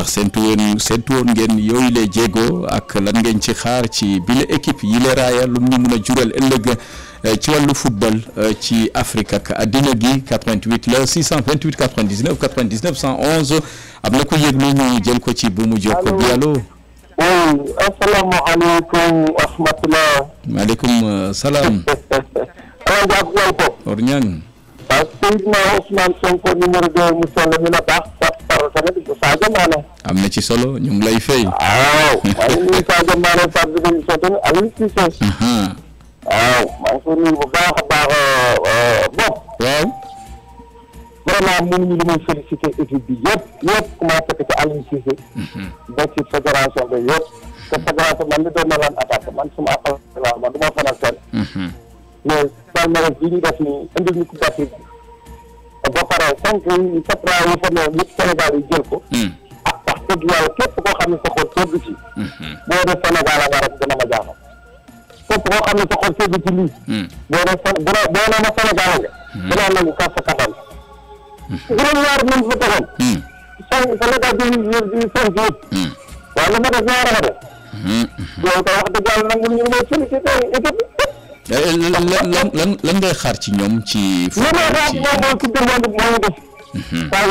ndax seentu woon seentu woon ngeen yooyu lee jéego ak lan ngeen ci xaar ci bile équipe yi le raaya lu ñu mën a jural ëllëg eh, ci wàllu football eh, ci Afrique ak àddina gi 88 la 628 99 99 111 am na ku yëglu ñu jël ko ci bu mu jokko bi allo. oui asalaamaaleykum wa rahmatulah. maaleykum eh, salaam. Aliou Diagne. Orñan. waaw Seydina Ousmane mu sell mi la baax. dara tamit bu Sadio Mané. am na ci solo ñu ngi lay fay. waaw maa ngi nuyu Sadio Mané Fatou Binetou Sotone Aliou Cissé. waaw maa ngi bu baax a baax euh, euh, Bob. waaw. vraiment mënuñu li may félicité équipe bi yëpp yëpp commencé ko ci Aliou Cissé. ba ci fédération bi yëpp. te fédération man li doon na laan attaqué man suma appel laa man du ma fanal fenn. mais palmarès bi ñu def nii indil ñu ko taxaw tànk satra yu fa ne yëpp Sénégal yi jël ko hmm. ak tax dëgg yàlla képp koo xam ne sa xol sedd ci hmm. boo def Sénégal ak arab dana ma jaaxal képp koo xam ne sa xol sedd ci lii hmm. boo def boo ne ma Sénégal nga nangu kas sa katam juróom-ñaar man fa tegoon san Sénégal bi ñu sanc yëpp waaye lu ma def ñaara ma def yow kay wax dëgg yàlla nangul ñu ne ma sunu ci équipe lan lan lan ngay xaar ci ñoom ci. fu mu ci li mhm. may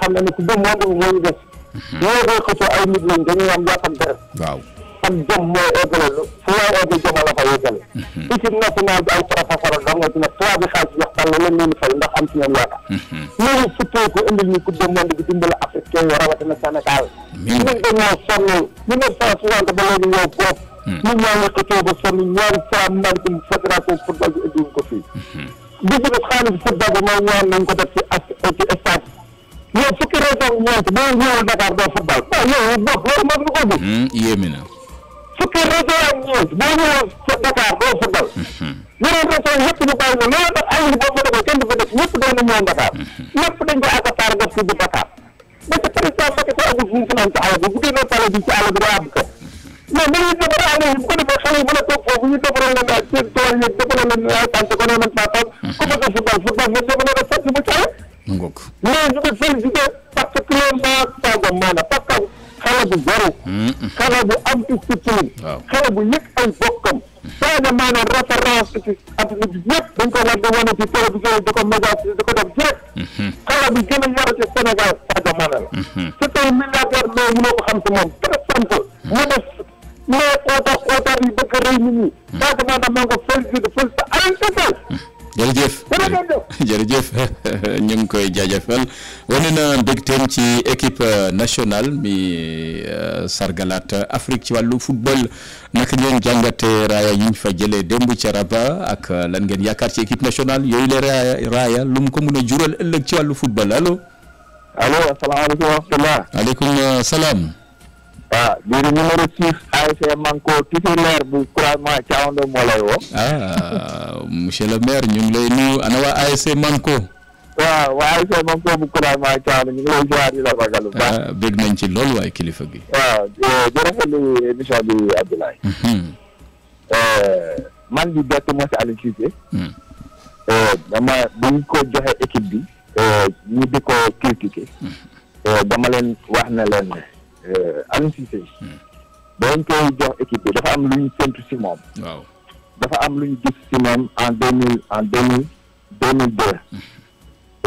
xam na ne ku dem woon moo ñu def. Mhm. ñoo koy xëccoo ay nit lañ dañuy am yaatal dara. waaw am jom mooy eggale lu fu waay egg jom la fa yeggale. équipe mhm. nationale bi ay professeur la nga ci ne trois bi xaalis jox loolu surtout boobu. ñu ñaanal ko coow ba sonn ñaari salaamaaleykum fédération football bi indiwuñ ko fii. di ko def xaalis football bi moom ñaan nañ ko def ci as ci stade yow fukki région ñeent boo ñëwul Dakar doo football waaw yow bopp loolu mos nga ko gis. Hmm, yéeme na. fukki région ak ñeent boo ñëwul Dakar doo football. Hmm. yeneen région yëpp ñu bàyyi na loolu nag ay boo ko defee kenn du ko def ñëpp doon na ñëw Dakar. Hmm. ñëpp dañ ko accaparer def ci di Dakar. parce que président Macky Sall agul fu mu fanaan ci àll bi bu génnee palais bi ci àll bi day àbb ko. non bu ñu defaral alee bu ko defee xale yi mën a toog foofu ñu defaral leen daal seen tool yi defaral leen ay tànk ko ne man saa toog ku bëgg football football nga defaral ko fàcc bu cawe mais ñu ko félicité particulièrement Sadio Mané parce que xale bu yaru xale bu am discipline xale bu yëg ay bokkam Sadio Mané référence ci àdduna bi yëpp dañ ko war di wane ci télévision di ko médiatiser di ko def direct xale bi gën a yaru ci Sénégal Sadio Mané la c'est un milliardaire mais mënoo ko xam si moom très simple mais xootax xootax yi bëgg rëy nit ñi. Hmm. parce que maanaam maa ngi ko félicité félicité Aliou Cissé. jërëjëf jërëjëf ñu ngi koy jaajëfal wane na mbégteem ci équipe euh, nationale mi euh, sargalaat Afrique ci wàllu football naka ngeen jàngate raaya yi ñu fa jëlee démb ca Rabat ak euh, lan ngeen yaakaar ci équipe nationale yooyu la raaya lu mu ko mun a jural ëllëg ci wàllu football allo. allo asalaamaaleykum wa rahmatulah. salaam. waaw bii di numéro six ASC Manko bu croisement Thiawando moo lay woo. ah le maire ñu ngi lay nuyu ana waa ASC Manko. waaw waa ASC Manko bu croisement Thiawando ñu ngi lay ziar di la ragal bu baax. Ah, nañ ci loolu waaye kilifa gi. waaw jërëjëf li émission bi Abdoulaye. Mhm. Eh, man di bett moo si Aliou Cissé. Mhm. Eh, dama buñ ko joxe équipe bi. Eh, ñu di ko critiquer. Mhm. dama leen wax na leen Euh, Aliou Cissé. boo hmm. ñu koy jox équipe bi dafa am lu ñu séntu si moom. waaw dafa am lu ñu gis si moom en deux mille en deux mille deux mille deux. ñu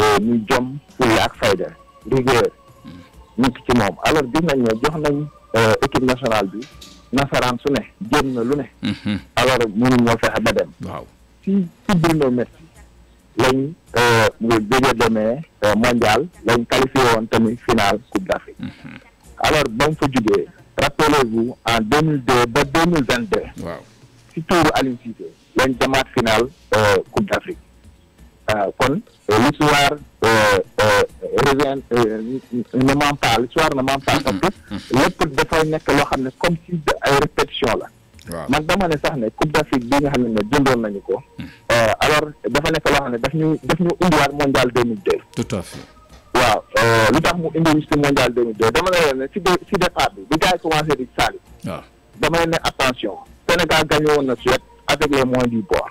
hmm. euh, jom fulla ak fayda rigueur. Hmm. nekk ci moom alors gis nañ ne jox nañ euh, équipe nationale bi nasaraan su ne na lu ne. alors mënuñoo fexe ba dem. waaw si si lañ nga tamit final Coupe d'Afrique. alors ba mu fa jugee rappelez-vous en mille deux ba deux mille vingt deux waaw si tuuru Aliou Cissé lañ demaat final euh, Coupe d'Afrique euh, kon euh, l'histoire revient ne ment pas l'histoire ne ment pas parce mm-hmm. lépp dafay nekk loo xam ne comme si ay répétition la man dama ne sax ne Coupe d'Afrique bi nga xam ne dundoon nañu ko mm. alors dafa nekk loo xam ne daf ñu daf ñu indiwaat mondial deux mille deux waaw euh, li tax mu indi liste mondiale 2002 dama ne leen ne si si départ bi bi gars yi commencé di saali. waaw dama leen ne attention Sénégal gagné woon na Suède avec les moyens du bord.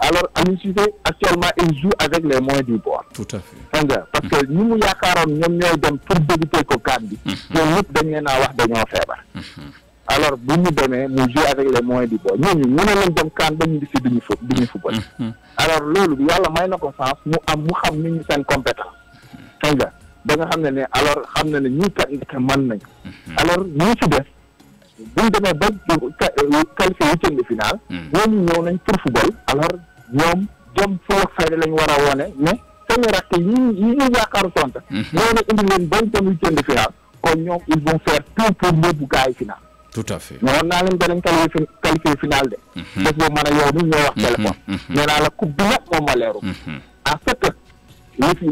alors Aliou actuellement il joue avec les moyens du bord. tout à fait xam nga parce que mhm. ñi mu yaakaaroon ñoom ñooy dem pour débuter ko kan bi. Mhm. ñoom ñëpp dañ leen a wax dañoo feebar. Mhm. alors bu ñu demee mu jouer avec les moyens du bord ñooñu mën na leen dem kaan ba ñu gis duñu fo duñu football mm-hmm. Mm-hmm. alors loolu yàlla may na ko sens mu am mu xam ni ñu seen compétence xam mm-hmm. nga ba xam ne ne alors xam na ne ñu kat ndeke mën nañ alors ñu ci def bu demee ba qualifié huitième de finale ñooñu ñëw nañ pour football alors ñoom jom foo fayda lañ war a wone mais seen rakk yi yi ñu yaakaaru sonta ñoo ne indi leen bonne tam de finale kon ñoom ils yi finale tout à fait mais war naa leen danañ qualifié qualifié final de. Mhm. bés boobu man a yow mi wax mhm, téléphone. Mhm. nee naa la coupe bi moom ma leeru. en fait que fi li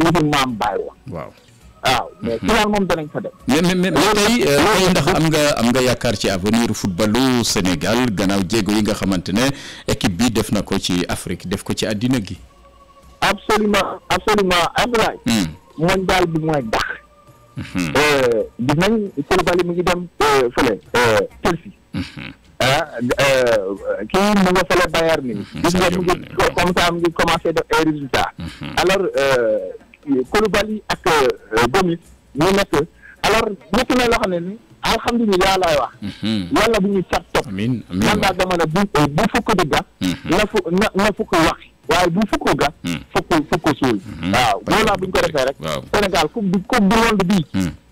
moom danañ fa dem. mais mais mais tey euh, tey ndax am nga am nga yaakaar ci avenir footballu Sénégal gannaaw jéego yi nga xamante ne équipe bi def na ko ci Afrique def ko ci àddina gi. absolument absolument Abdoulaye. Hmm. mondial bi mooy dax. Mhm. Eh, gis nañ Koulibaly eh, eh, mhm. mu ngi dem fële Chelsea. ah kii mu nga fële Bayern ni mhm. gis nga mu ngi comme ça def ay résultats. alors Koulibaly ak Gomis ñu nekk alors nekk na loo xam ne ni alhamdulilah laay wax. yàlla bu ñuy cat topp. amiin amiin man daal dama bu fukk di gas. na fu na fukk wax. waaye bu fukk ga hmm. fukk fukk suul hmm. waaw loolu hmm. laa bu ñu ko defee rek Sénégal coupe du coupe du monde bii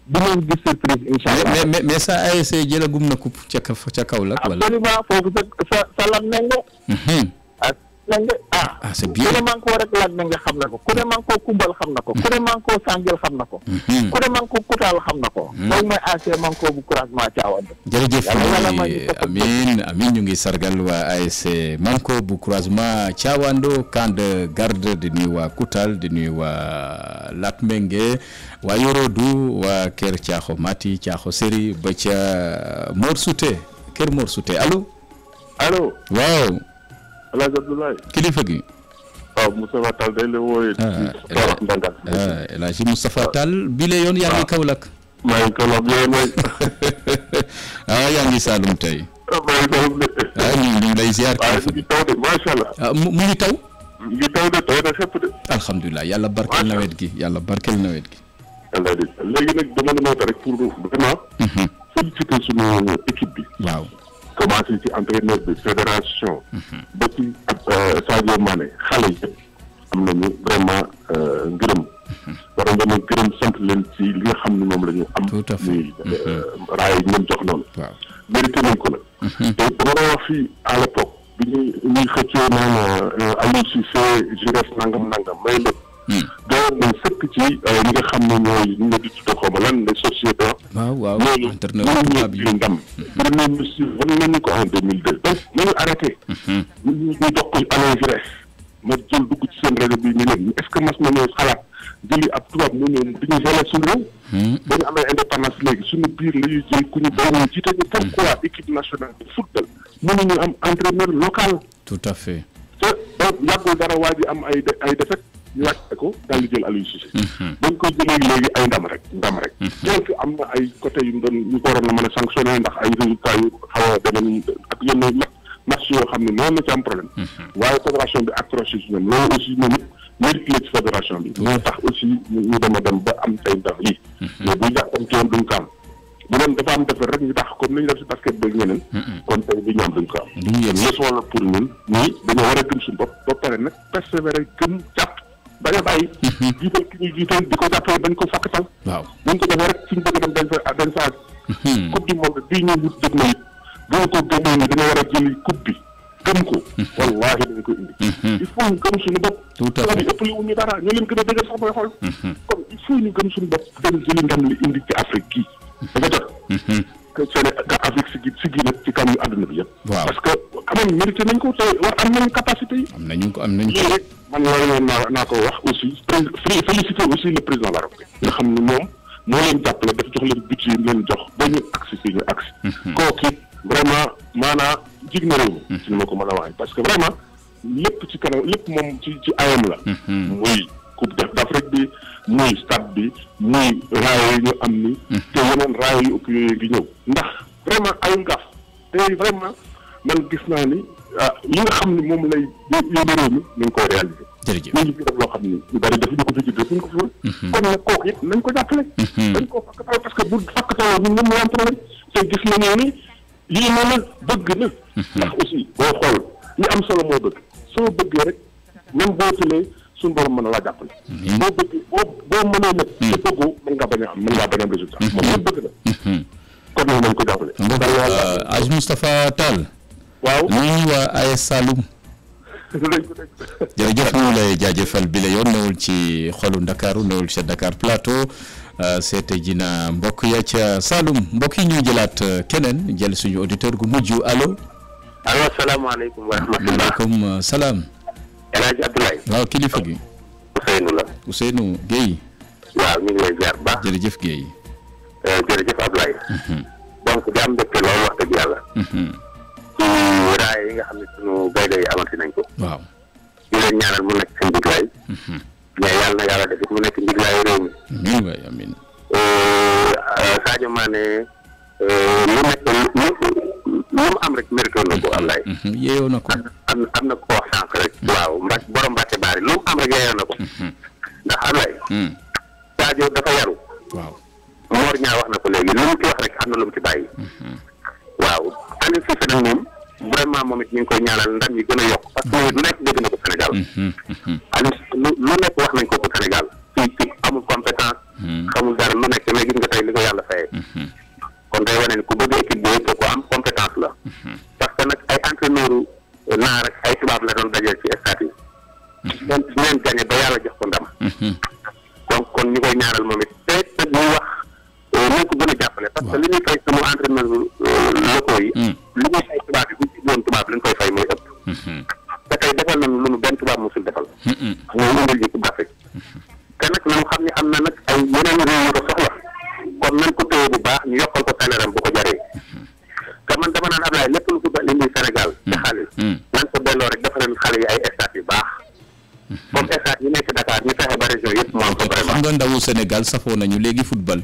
du ngeen gis surprise incha allah mais sa ASC jëlagum na coupe ca ca Kaolack wala absolument foofu sa sa sa lam nenge ak nenge ah c'est na xam na ko ku ne kumbal xam na ko hmm. ku ne maa ngi koo sànjal xam na ko hmm. Hmm. ku ne maa ngi koo kutaal xam na ko loolu mooy ASC Manko bu couragement Thiawande jërëjëf amin amin ñu ngi sargal waa ASC Manko bu couragement Thiawando camp di nuyu waa Koutal di nuyu waa Latmingué waa Yorodu wa Kër Thiakho Mati Thiakho Seri ba ca Mor Souté Kër Mor allo allo waaw gi waaw Moustapha Tall day la wooyee. Kaolack ah, Ndangal. Ah, ah, El Hadj Moustapha Tall bi la yoon yaa ngi Kaolack. maa ngi Kaolack yooyu mooy. ah yaa ngi Saloum tey. maa ngi Saloum de. ah ñu ngi lay ziar. waaw ñu ngi taw de macha allah. ah mu mu ngi taw. mu ngi taw de taw na fépp de. alhamdulilah yàlla barkeel nawet gi yàlla barkeel nawet gi. léegi nag dama la noter rek pour vraiment. Mhm. féliciter sunu équipe bi. waaw. commencé ci entraîneur bi fédération. Mhm. ba ci euh, Sadio Mané xale yi am nañu vraiment euh, ngërëm. Mhm. war nga sant leen ci li nga xam ne moom la ñu am. tout à fait muy mhm. euh, raay yi ñu jox noonu. waaw mérité nañ ko nag. te dama la wax fii à l'époque bi ñuy ñuy xëccoo naan Aliou Cissé Giresse nangam nangam may lépp. doon nañ sëkk ci ñi nga xam ne ñooy ñu di tudd lan les sociétés. waaw waaw entreprenariat bi loolu ndam. ñu si wan nañu ko en deux mille mhm. ñu ñu jox ko ma jël dugg ci seen rajo bi ñu leen est ce que mas nañoo xalaat jëli ab tubaab mu ñëw di ñu volé suñu réew. Mhm. ba ñu amee indépendance léegi suñu biir la ñuy jël ku ñu boole ñu jiite ñu mhm. pourquoi équipe nationale de football mënuñu am entraîneur local. tout à fait. te dara waa ji am ay ay ñu wàcce ko daal di jël Aliou Cissé. ba ñu koy jëlee léegi ay ndam rek ndam rek. donc mhm. am na ay côté yu a a a mhm. bi moo tax aussi ñu dem a dem ba am tey ndam mhm. ñu jàppoon ci woon dafa am defar rek ñu tax comme ni ñu si basket ñeneen. kon tey bi ñu am duñ ko am. duñ yem leçon la pour ñun. ñii dañoo war a gëm suñu bopp ba pare nag persévérer gëm bañ a bàyyi. Mhm. jiital ko jàppale bañ ko fàkkatal. waaw buñ ko defee rek suñ bëgg dem dañ fa benn phase. Mhm. coupe du monde bii ñu wut dëgg ne dina war a jëli coupe gëm ko. Mhm. wallaahi dañ ko indi. il faut ñu gëm suñu bopp. tout à fait ëppale wuñu dara ñu leen gën xool. kon il faut ñu gëm suñu dem jëli ndam indi ci Afrique gii. dafa jot. que seen Afrique si gi si gi nag àdduna bi yëpp. waaw parce que amoon mérité nañ ko te war am nañu capacité yi. am nañu ko am nañu ko man loolu moom naa ko wax aussi pré félicité aussi le président la République nga xam ne moom moo leen jàppale dafa jox leen budget leen jox ba ñu agsi fii ñu agsi mhm. kooku vraiment maanaa jig na réew mi mhm. si ni ma ko mën a waxee parce que vraiment lépp ci kanam lépp moom ci ci ayam la mhm. muy coupe d'Afrique bi muy stade bi muy raaya yi ñu am ni te yeneen raaya yu ëpp yooyu ngi ñëw ndax vraiment ayul gaaf te vraiment man gis naa ni ah li nga xam ni moom lay yóbbu réew mi ñu ngi koy réalisé. jërëjëf loo xam ni ñu bëri defuñu ko fi juddoo suñ ko fi mhm. kon nag kooku it nañ ko jàppale. dañ mhm. ko fakkatal parce que bu fakkataloo ñun ñoom ni lii noonu bëgg na. Mhm. ndax boo xool am solo moo soo bëggee rek même boo tëlee suñu mën na laa jàppale. boo bëggee boo boo mënee nag. te bëggoo mën ngaa bañ a am mën ngaa a résultat. moom ñëpp bëgg na. kon nañ ko jàppale. Euh, Hadj Moustapha Tall waaw nuyu waa AS Saloum. jërëjëf ñu lay jaajëfal bi la yoon newul ci xolu Ndakaaru newul ca Dakar Plateau euh, seete ji na mbokk ya ca Saloum mbokk yi ñuy jëlaat euh, keneen jël suñu auditeur gu mujj allo. allo salaamaaleykum wa rahmatulah maaleykum salaam. El Hadj waaw kilifa gi. Ousseynou la. Ousseynou Guèye. waaw ñu ngi lay jaar baax. Euh, mhm. am mbégte loolu wax dëgg yàlla. Mhm. raay yi nga xam ne sunu gaynde yi amati nañ ko. waaw di leen ñaanal mu nekk seen diglaay. Mhm. mais yàlla na yàlla def mu nekk ndiglaayu réew mi. amiin waay amiin. Euh, euh, euh, lu nekk lu am rek mérité na na ko waaw mbaa borom Mbacke Bari lu mu am rek yeewoo na ko. ndax am lay. Mhm. Sadio dafa yaru. waaw Mor ñaa wax na ko léegi lu mu ci wax rek am na lu mu ci bàyyi. Mhm. waaw Aliou Cissé nag moom. vraiment moom it ñu ngi koy ñaanal ndam yi gën a yokk parce que lu nekk dégg na ko Sénégal mm-hmm, mm-hmm. Aliou lu lu nekk wax nañ ko ko Sénégal ci ci amul compétence xamul mm-hmm. dara lu nekk mais gis nga tey li ko yàlla fayee kon day wane ku bëgg d'Afrique te nag na xam ne am na nag ay yeneen réew yu ko soxla kon nañ ko téye bu baax ñu yokkal ko salaire am bu ko jaree te man dama naan Ablaye lépp lu football indi Sénégal ci mm. xaalis mm. nañ ko delloo rek dafa leen xale yi ay stade yu baax mm-hmm. comme stade yi nekk Dakar ñu fexe ba région yëpp moom ko vraiment xam nga ndawu Sénégal safoo nañu léegi football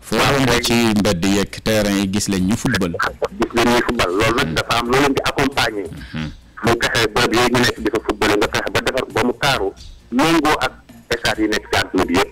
foo romb ci mbedd yeeg terrain yi gis leen ñu football ah, gis leen ñuy football loolu nag dafa am loolu leen di accompagner mm-hmm. mu taaru méngoo ak stade yi nekk ci àdduna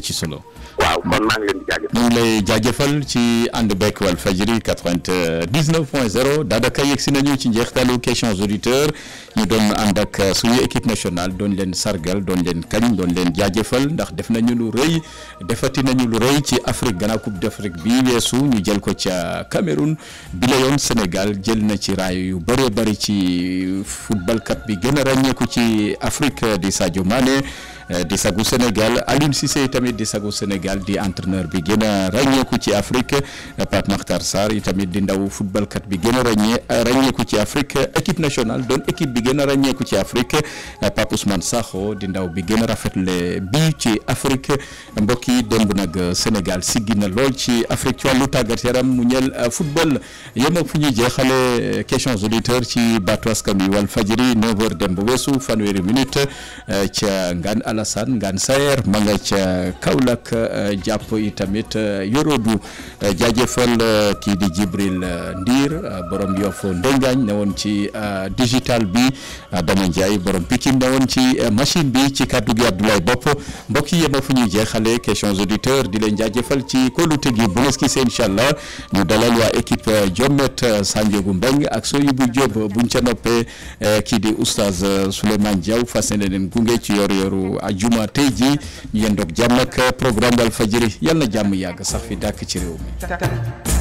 ci solo. waaw man maa ngi leen di jaajëfal. ci ànd bekk Walfadjri quatre-vingt-dix-neuf point zéro daanaka yegg si nañu ci njeextalu questions auditeurs ñu doon ànd ak suñu équipe nationale doon leen sargal doon leen kañ doon leen jaajëfal ndax def nañu lu rëy defati nañu lu rëy ci Afrique gannaaw Coupe d'Afrique bi weesu ñu jël ko ca Cameroun bi la yoon Sénégal jël na ci raay yu bëree bëri ci football kat bi gën a ràññeeku ci Afrique di Sadio Mané. Eh, di sagu Sénégal Aliou sise tamit di sagu Sénégal di entraîneur bi gën a ràññeeku ci Afrique eh, Pape Makhtar Sarr yi tamit di ndaw footballkat bi gën a ràññee eh, ràññeeku ci Afrique équipe nationale doon équipe bi gën a ràññeeku ci Afrique Pape Ousmane Sakho di ndaw bi gën a rafetle bi ci mbokk yi démb nag euh, Sénégal siggi na lool ci Afrique ci wàllu tàggat yaram mu ñeel euh, football yéen fu ñuy jeexale euh, questions auditeurs ci baatu askan wi wàllu fajiri 9h dem ba weesu fanweeri minute ca ngan Alassane ngan Sayer ma nga ca Kaolack jàpp yi itamit yorodu jaajëfal kii di Jibril Ndiir borom Yoff Ndengaañ ne woon ci digital bi Adama Ndiaye borom Pikine ne woon ci machine bi ci kàddu gi Abdoulaye Bopp mbokk yi yéen ak ñu jeexale questions auditeurs di leen jaajëfal ci kóolute gi bu neski see incha allah ñu dalal waa équipe Jomet euh, euh, Sanjogu Mbeng ak Soyibu Diop buñ ca noppee euh, kii di oustaz Souleymane Diaw fas ne leen gunge ci yor yoru ajuma tey ji ñu yendoog jàmm ak programme Walfadjri yal na jàmm yàgg sax fi dàkk ci réew mi